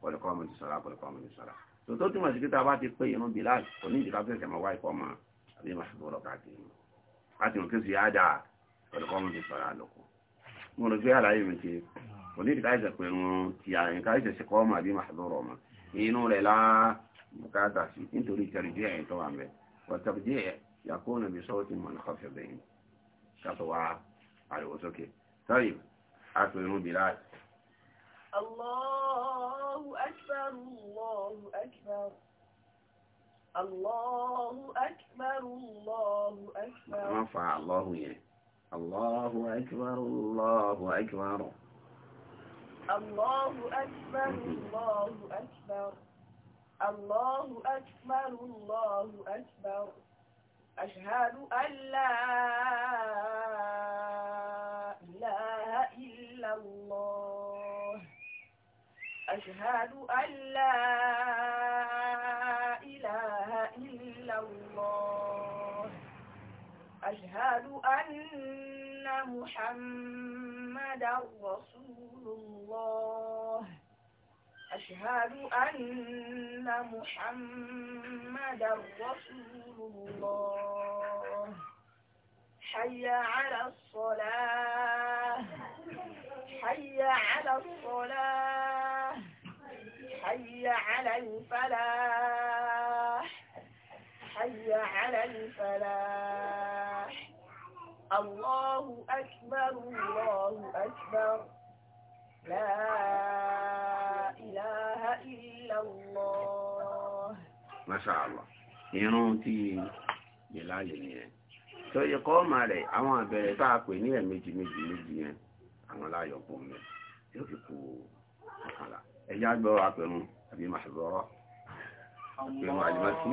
kọ̀lẹ̀kọ́ ọmọ ti sọ̀rọ̀ kọ̀lẹ̀kọ́ ọmọ ti sọ̀rọ̀ tó tó túmọ̀ sí pé tá a bá ti pé ìrun Bilal kò ní ìdí ní màṣíbọ̀ rọ̀kàtì láti mọ̀ kí sì yá dáa ọ̀dọ̀kọ́ mú ti sọ̀rọ̀ àlọ́kù mo rò pé àlàyé mi ti kò ní ìdíkáyìsẹ̀ pé wọn ti àyìn káyìsẹ̀ ma. kọ́ ọmọ àbí màṣíbọ̀ rọ̀ mọ́ inú rẹ̀ lá bùkátà Allahu akbar Allahu akbar الله أكبر الله أكبر رفع الله يعني الله أكبر الله أكبر الله أكبر الله أكبر الله أكبر الله أكبر أشهد أن لا إله إلا الله أشهد أن لا أشهد أن محمد رسول الله أشهد أن محمد رسول الله حي على الصلاة حي على الصلاة حي على الفلاح حي على الفلاح الله أكبر الله أكبر لا إله إلا الله ما شاء الله irun tí ìlàlẹ̀ yẹn tó ikọ́ ọmọ rẹ̀ àwọn àbẹ̀rẹ̀ tá a pè ní ẹ̀ méjì méjì méjì yẹn àwọn láyọ̀ pọ̀ mẹ́ yóò fi kú ọ̀kànlá ẹ̀yà gbọ́ apẹ̀rún àbí màṣẹ́bọ̀rọ̀ apẹ̀rún àlìmọ́sí.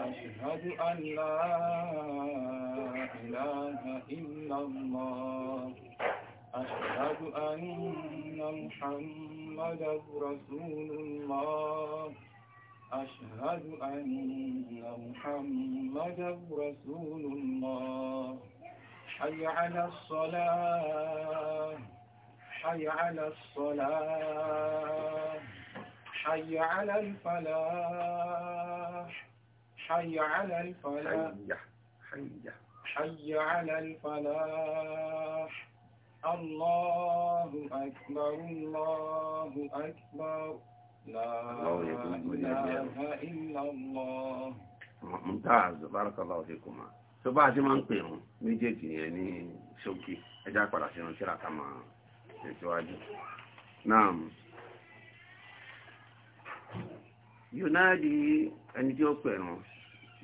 أشهد أن لا إله إلا الله أشهد أن محمدا رسول الله أشهد أن محمدا رسول الله حي على الصلاة حي على الصلاة حي على الفلاح حي على الفلاح حي حي على الفلاح الله أكبر الله أكبر لا إله إلا الله ممتاز بارك الله فيكما tó bá ti máa ń pè wọn méjèèjì yẹn ní ṣókí ẹjá padà sínú síra ká máa tẹ̀síwájú náà yóò náà di ẹni tí ó pè ràn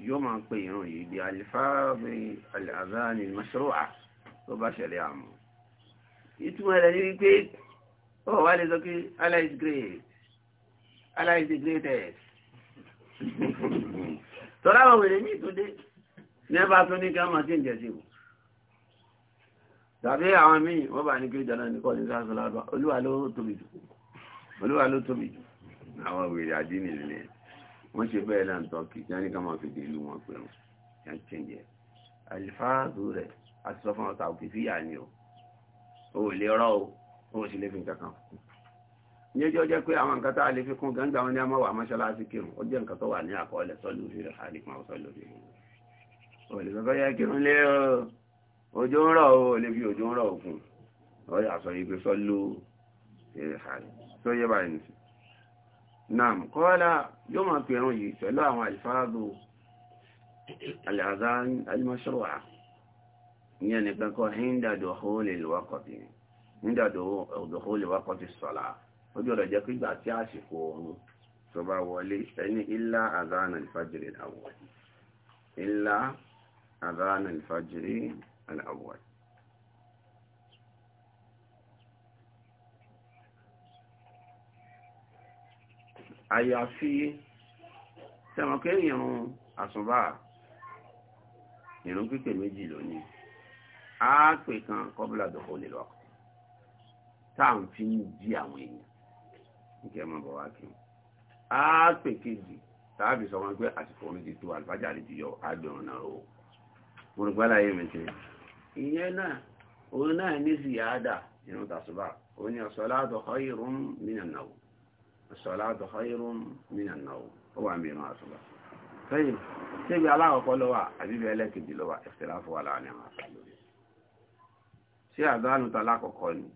yóò máa pè ìran yìí di alifáàbí alàzáni masoroa tó bá ṣẹlẹ̀ àmú ìtumọ̀ rẹ̀ ní wípé ó wà lè sọ pé Allah is great Allah is the greatest <laughs> tọ́lá àwọn wèrè ní ìtúndé nẹ́bà tó ní káàmà tí ń jẹ tàbí àwọn míì wọ́n bá ní kí ìjọ náà ní kọ́ ní sáàsọ́lá olúwa ló tóbi jù àwọn wèrè àdínì nìyẹn wọ́n ṣe bẹ́ẹ̀ náà tọ́kì tí wọ́n ní ká máa fi dèlú wọn pẹ̀lú yà ń ṣẹ̀yẹ àlìfáàdù rẹ̀ àti sọ fún ọ̀tà òkè fíyà ni o ò lè rọ́ o ò sì lè fi nǹkan kan ní ojú ọjọ́ pé àwọn nǹkan tá a lè fi kún gangba wọn ni a máa wà mọ́ṣáláṣí kírun ó jẹ́ nǹkan tó wà ní àkọọ́lẹ̀ sọ́lù fi rẹ̀ hàlì kan sọ́lù fi rẹ̀ ò lè sọ́kọ́ yẹ kírun lé ojú ń rọ̀ o lè fi ojú ń rọ̀ òkun ọ̀yà sọ yìí pé sọ́lù fi rẹ̀ hàlì tó yẹ báyìí nìsí Naam, kọ́lá yóò máa pè ẹran yìí pẹ̀lú àwọn àlìfáàdù al'azán alìmọ́ṣọ́wà ní ẹnìkan kọ́ híndàdò òdòhólè wákọ̀tí sọ́lá. Ó jọ́ rẹ̀ jẹ́ kígbà tí àsìkò oòrùn tó bá wọlé ẹni ilá àzán alìfájìrì àyàfi tẹmọkẹ́ ìrun àsùnbà ìrun pípé méjì lónìí á pè kan kọ́bílà dọ̀kọ́ lè lọ tá à ń fi ń di àwọn èèyàn nígbà máa bọ̀ wá kí wọn á pè kejì tàbí sọ wọn pé àsìkò omi ti tó àlùfájà lè ti yọ àgbẹ̀rún náà o mo rò pé láyé mi ti ìyẹn náà òun náà ní ziyada ìrun tàṣùbà òun ni ọ̀sọ̀ látọ̀ khayrun as-salatu khayrun minan nawm ó wà ń bí irun àṣùbà sẹ́yìn ṣébi aláwọ̀kọ́ ló wà àbíbi ẹlẹ́kejì ló wà ikhtilafu wà láàrin àwọn àṣà lórí ṣé àdánù ta lákọ̀ọ́kọ́ ni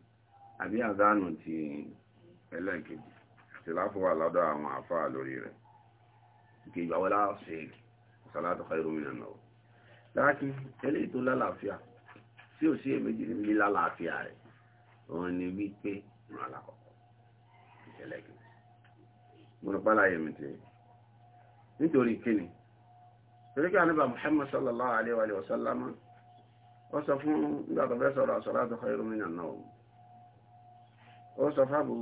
àbí àdánù ti ẹlẹ́kejì ikhtilafu wà lọ́dọ̀ àwọn àfà lórí rẹ̀ ìkejì àwọn aláṣẹ as-salatu khayrun minan nawm láàkí eléyìí tó lálàáfíà tí ò sí èméjì níbi lálàáfíà rẹ̀ òun ni wípé ìrún alákọ̀ọ́kọ́ ìṣẹ̀lẹ̀ kejì mọ̀rọ̀pálá yẹ̀mì tí nítorí kíni torí kí ànábì Muhammad sallallahu alaihi wa sallam ó sọ fún nígbà tó fẹ́ sọ̀rọ̀ as-salatu khayrun min an-nawm ó sọ fábù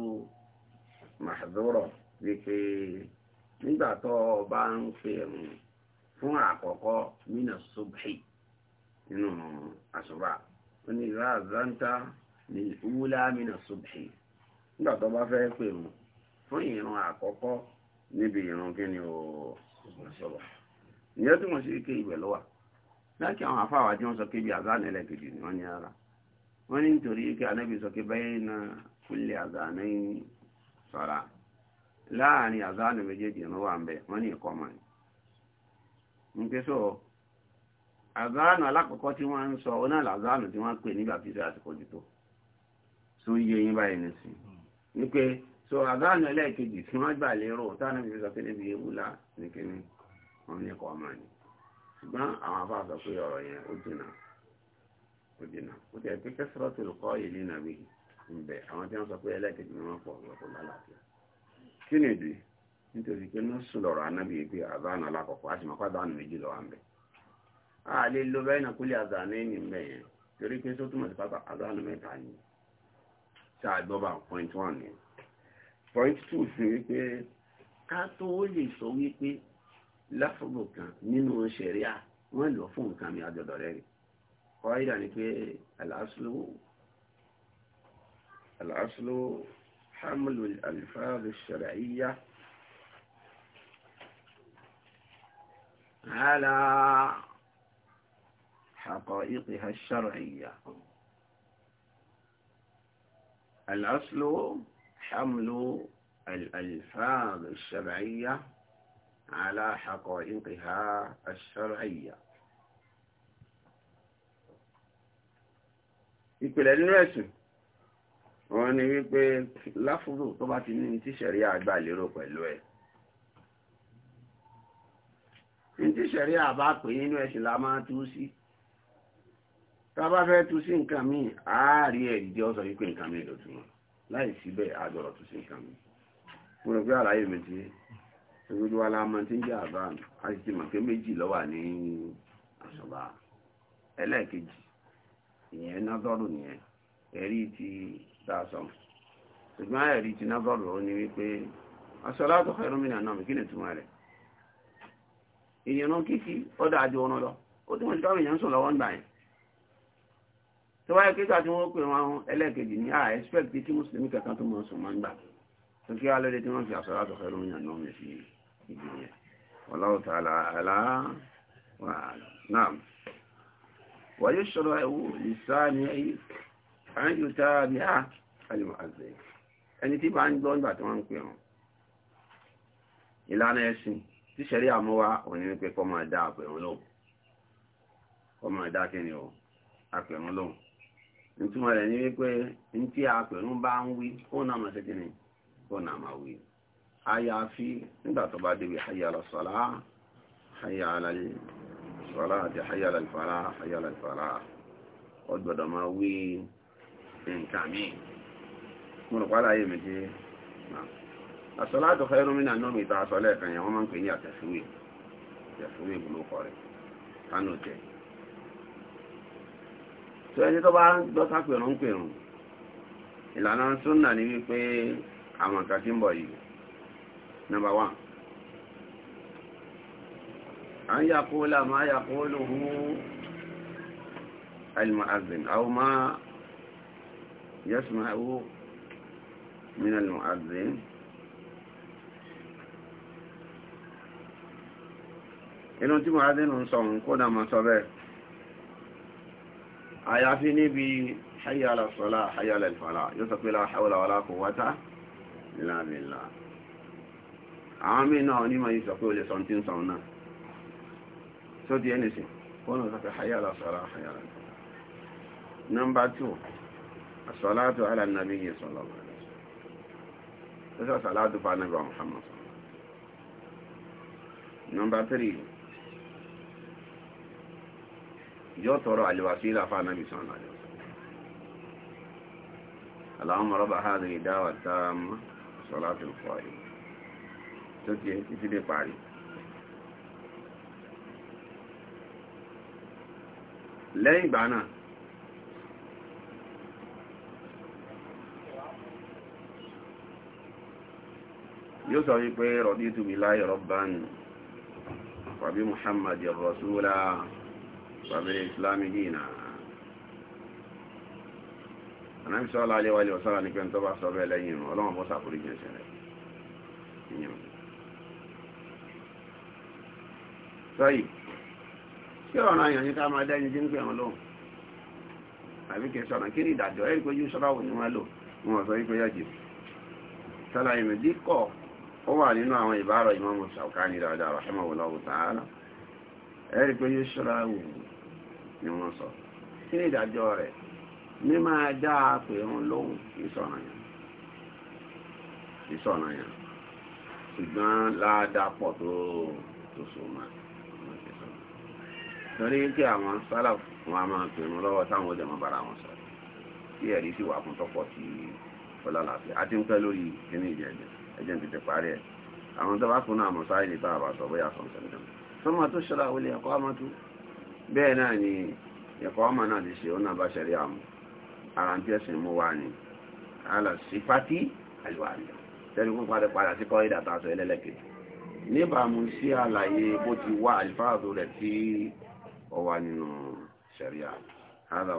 mahdhura wípé nígbà tó bá ń fi ẹ̀rùn fún àkọ́kọ́ mina subhi nínú àṣùbà ó ní ìrà àzáńtá ní ìwúlá mina subhi nígbà tó bá fẹ́ pè mú fún ìran àkọ́kọ́ níbi ìran kí ni o sọ̀rọ̀ ìyẹn tí wọ́n sì ké ìwẹ̀ lọ́wà láti àwọn afáwà tí wọ́n sọ kébi àzánà ẹlẹ́kejì ni wọ́n ní ara wọ́n ní nítorí kí anábì sọ pé bẹ́ẹ̀ na kulli àzánà yìí sọ̀ra láàrin àzánà méjèèjì ìran wà ń bẹ wọ́n ní ìkọ́ mọ̀ ní pé sọ àzánà alákọ̀ọ́kọ́ tí wọ́n ń sọ ọ náà làzánà tí wọ́n pè nígbà tí ìṣe àsìkò tó so yé yín báyìí nìsín ní pé so àbáànù ẹlẹ́ẹ̀kejì tí wọ́n gbà lérò táwọn ibi sọ pé níbi ewúlá ní kíní wọn ní kọ́ ọmọ ni ṣùgbọ́n àwọn afá sọ pé ọ̀rọ̀ yẹn ó ó ó tẹ̀ pé tó ìlú àwọn tí wọ́n sọ pé ẹlẹ́ẹ̀kejì ni wọ́n pọ̀ kí ni ìdí nítorí pé ní sùn anábì pé alákọ̀ọ́kọ́ a sì mọ̀ pàdánù méjì lọ́wọ́ a lo for instance ni pé ká tó lè sọ wípé láfọ̀gbọ̀ kan nínú ṣẹ̀ríà wọ́n lọ fún nǹkan mi àjọ̀dọ̀ rẹ̀ rí kọ́ ìdá ni pé al-aslu al-aslu hamlu al-alfaz ash-shar'iyya على حقائقها الشرعية الأصل حمل الألفاظ الشرعية على حقائقها الشرعية ìpìlẹ̀ nínú ẹ̀sùn wọn ni wípé láfúrò tó bá ti ní tíṣẹ̀rí àgbà lérò pẹ̀lú ẹ̀ tíṣẹ̀rí àbá pè nínú ẹ̀sùn la máa tú sí tá bá fẹ́ tú sí nǹkan míì àárí ẹ̀rí jẹ́ ọ́sọ̀ wípé nǹkan míì lòtúnmọ̀ láì síbẹ̀ àjọ̀rọ̀ tó ṣe nǹkan mi mo rò pé àlàyé mi ti ewédú alámọ tí ń jẹ́ àbá àti mọ̀ pé méjì ló ní àṣọba ẹlẹ́ẹ̀kejì ìyẹn nádọ́rù nìyẹn ẹ̀rí ti dáṣọ ṣùgbọ́n ẹ̀rí ti nádọ́rù ó ní wípé as-salatu khairun minan nawm kí ni túmọ̀ rẹ̀ ìyẹn náà kíkí ó dáa ju ọ̀nà lọ ó túmọ̀ sí káwọn èèyàn ń sùn lọ́wọ́ ń gbà yẹn tó wáyé kíkà tí wọ́n pè wọn ẹlẹ́ẹ̀kejì ní à ah, expect kí mùsùlùmí kankan tó mọ̀ sùn máa ń gbà tó kí alóde tí wọ́n fi àsọ̀rọ̀ àtọ̀fẹ́ lóyún àná mi sí ìdí yẹn wallahu ta'ala àlá wà náà wàyé sọ̀rọ̀ ẹ̀wù lìsáàni ẹ̀yí àyíjú tára bí á alìmọ̀ àzẹ̀ ẹni tí bá ń gbọ́ nígbà tí wọ́n ń pè wọn ìlànà ẹ̀sìn tí sẹ̀rí àmúwá òní ní pé kọ́ máa dá àpẹ̀rún lóhùn ìtumọ̀ rẹ̀ ní wípé ntí apẹ̀rún bá ń ụna ó náà máa ṣe kí ni ó náà máa wí àyàfi nígbà tó bá débi hayya ala salah hayya ala salah àti hayya ala falah hayya ha falah tó ẹni tó bá dọ́ta pèrún pèrún ìlànà súnà ní wípé àwọn kan tí ń bọ̀ yìí number one an yaqula ma yaquluhu المؤذن أو ما يسمعه من المؤذن inú tí mo adé nù sọ̀rọ̀ kó dá ma sọ bẹ́ẹ̀ àyàfi níbi hayya ala salah hayya ala al-falah yóò sọ pé la hawla wala quwwata illa billah àwọn mí náà onímọ̀ yìí sọ pé o lè sọ tí ń sọ náà tó di ẹni sí kọ́nà sọ pé hayya ala salah hayya ala al-falah nọ́mbà 2 as-salatu ala an-nabiyyi sallallahu alaihi wasallam salatu fa yóò tọrọ àlèwàsílà fún anábì sọ́nà àlèwà اللهم رب هذه الدعوة التامة صلاة القائم تجي تجي بعدي lẹ́yìn ìgbà náà yóò sọ wípé raditu billahi rabban wa bi Muhammadin rasula وبالإسلام دينا النبي na. الله عليه وآله وسلم ni sọ ni wọ́n sọ kí ni ìdájọ́ rẹ̀ ní máa dá a pè wọn lóhùn ìsọ̀ranyàn ìsọ̀ranyàn ṣùgbọ́n ládàpọ̀ tó tó so máa torí kí àwọn sálà wọn a máa pè wọn lọ́wọ́ táwọn ọjà máa bára wọn sọ kí ẹ̀rí sì wà fún tọ́pọ̀ tí fọlá làáfíà á ti ń pẹ́ lórí kíní ìjẹ́jẹ́ ẹ̀jẹ̀ ń tètè parí ẹ̀ àwọn tó bá kún náà mọ̀ sáyé lè àbàtọ̀ bóyá sọ̀nsẹ̀ nìkan sọ́mọ́ tó ṣọlá wọlé ẹ̀kọ́ àmọ́tú bẹ́ẹ̀ náà ni ẹ̀kọ́ ọmọ náà ti ṣe ó náà bá ṣẹlẹ̀ àmú ara ń tẹ́sìn mú wá ní alàṣípátí àlùwàlẹ̀ tẹ́lú fún padà padà sí kọ́rídà tàṣọ ẹlẹ́lẹ́kẹ̀ níbàámu sí àlàyé bó ti wá àlìfáàdó rẹ̀ tí ó nínú ṣẹ̀ríà hádà